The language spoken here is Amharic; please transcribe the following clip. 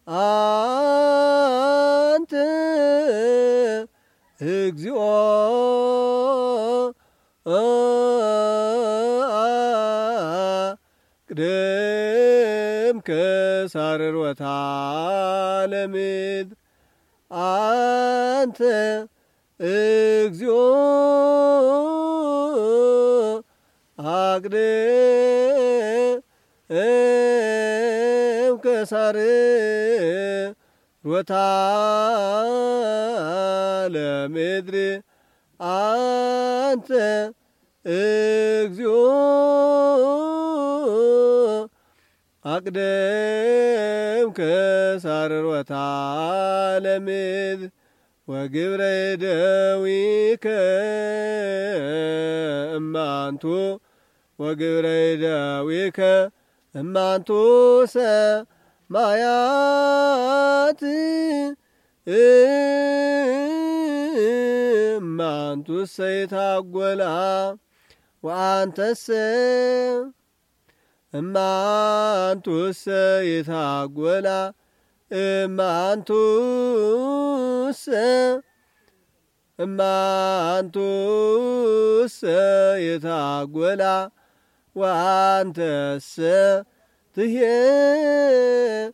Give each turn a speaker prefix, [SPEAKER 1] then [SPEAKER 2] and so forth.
[SPEAKER 1] አንተ እግዚኦ ቅደም ከሳርሮታ ለምድ አንተ እግዚኦ አቅደ ከሳር ሮታ ለምድሪ አንተ እግዚኦ አቅደም ከሳር ሮታ ለምድሪ ወግብረ ደዊ ከእማንቱ ወግብረ ደዊከ እማንቱ ሰማያት እማንቱ የታጐላ ወአንተሰ እማንቱሰ የታጐላ እማንቱሰ እማንቱሰ የታጐላ وأنت السبت هي